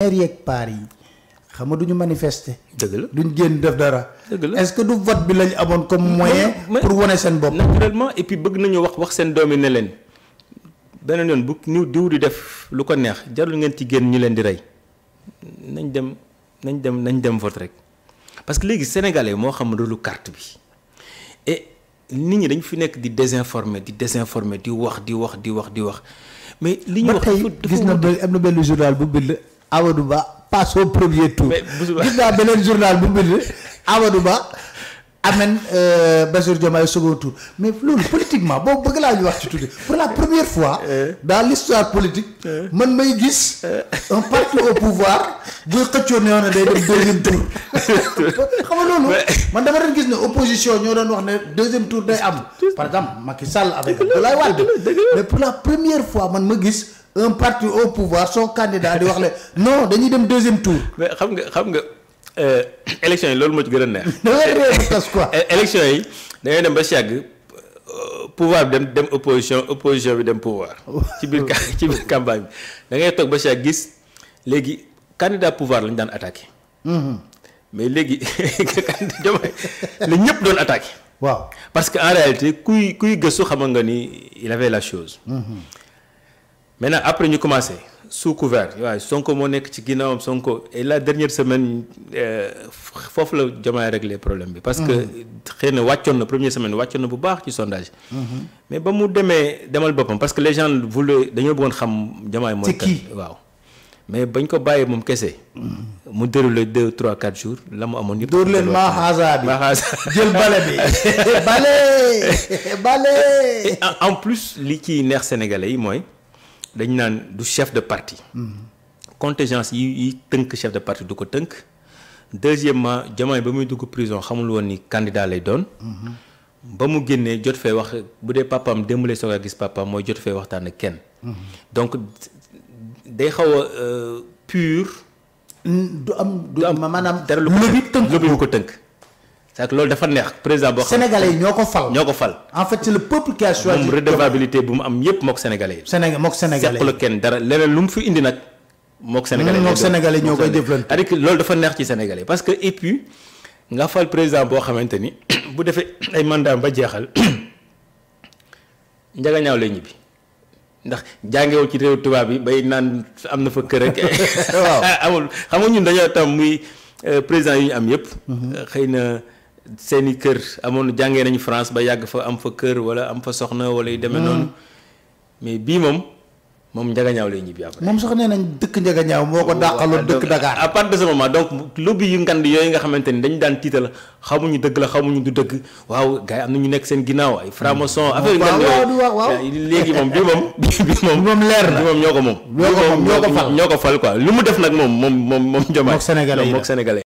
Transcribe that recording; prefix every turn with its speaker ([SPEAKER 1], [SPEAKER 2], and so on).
[SPEAKER 1] maire yeeg paar yi xam nga duñu manifester. dëgg la duñ génn def dara. dëgg la est-ce que du vote bi lañ amoon comme moyen. pour wane seen bopp. naturellement et puis bëgg nañu wax wax seen doom ne leen beneen yoon bu ñu diw di def lu ko neex jarul ngeen ci génn ñu leen di rey nañ dem nañ dem nañ dem vote rek parce que léegi sénégalais moo xam rôle carte bi et nit ñi dañ fi nekk di désinformer di désinformer di wax di wax di wax di wax mais. li ñu wax dafa gis na am na benn journal bu bind. Amadou passe au premier tour. gis naa beneen journal bu bind Amadou Ba amène euh, Bassirou Diomaye au second tour mais loolu politiquement boobu bëgg la ñu wax ci tuuti pour la première fois. Eh. dans l'histoire politique. Eh. man may gis eh. un parti au pouvoir qui xëccoo ne woon day dem deuxième tour xam nga loolu. man dama doon gis ne opposition ñoo doon wax ne deuxième tour day am. par exemple Macky Sall avec Abdoulaye Wade mais pour la première fois man ma gis un parti au pouvoir son candidat di wax la non dañuy dem deuxième tour. mais xam nga xam nga. Euh, élection yi loolu moo ci gën neex. E-, élection yi da dem ba euh, pouvoir dem dem opposition opposition bi dem pouvoir. ci biir ci bir campagne bi da ngay toog ba si gis légui candidat pouvoir lañu attaquer attaqué. Mm-hmm. mais léegi la ñëpp doon attaqué. waaw parce que en réalité kuy kuy geussu xam nga ni il avait la chose. Mm-hmm maintenant après nous commencé sous couvert Sonko qui nekk ci Sonko et la dernière semaine il euh, la régler régler problème parce que xëy na première semaine ne na bu baax ci sondage. Mhm. mais ba mu parce que les gens voulaient dañoo bëggoon xam mais pas ko le ne mu déroulé deux trois quatre jours la mu en plus sénégalais dañ naan du chef de parti. contingence yi yi tënk chef de parti du ko tënk. deuxièmement Diomaye ba muy dugg prison xamul woon ni candidat lay doon. ba mu génnee jot fee wax bu dee papaam démb lay soog a gis papaam mooy jot fee waxtaan ak kenn. donc day xaw a euh, pur. du am du am maanaam. dara lu ko tënk lu ko tënk. c'est loolu dafa neex président boo xam ñoo ko fal. ñoo ko fal en fait c'est le peuple qui a choisi. moom mu am yépp mook sénégalais yi. Sénégal mook sénégalais kenn dara leneen lu mu fi indi nag. mook sénégalais mook sénégalais ñoo koy jëflante. c'est-à-dire loolu dafa ci sénégalais parce que et puis nga fal président boo xamante ni bu defee ay mandat ba jeexal njagañaaw lay ñibbi. ndax jàngewu ci réew tubaab yi bay naan am na fa kër rek. waaw amul xam nga ñun dañoo tam muy euh, président yu ñu am yépp mm-hmm. xëy na. seni kër amone jangé nañu France ba yag fa am fa kër wala am fa soxna wala yu démé ah. non mais bi mom mom moom ñaw lay ñibi après. mom soxna nañ dëkk njagañaaw ñaw moko dàqaloon dëkk Dakar. à part de ce moment donc lobby yu ngand yoy nga xamanteni dañ dan titel xamuñu dëgg la xamuñu du dëgg waaw gaay yi am na ñu nekk seen ginnaaw ay franc-maçon hmm. affaire ngand yoy légui mom bi mom bi mom mom leer na mom ñoko mom ñoko ñoo ko fal ñoko fal quoi lu mu def mom mom mom moom mok sénégalais mok sénégalais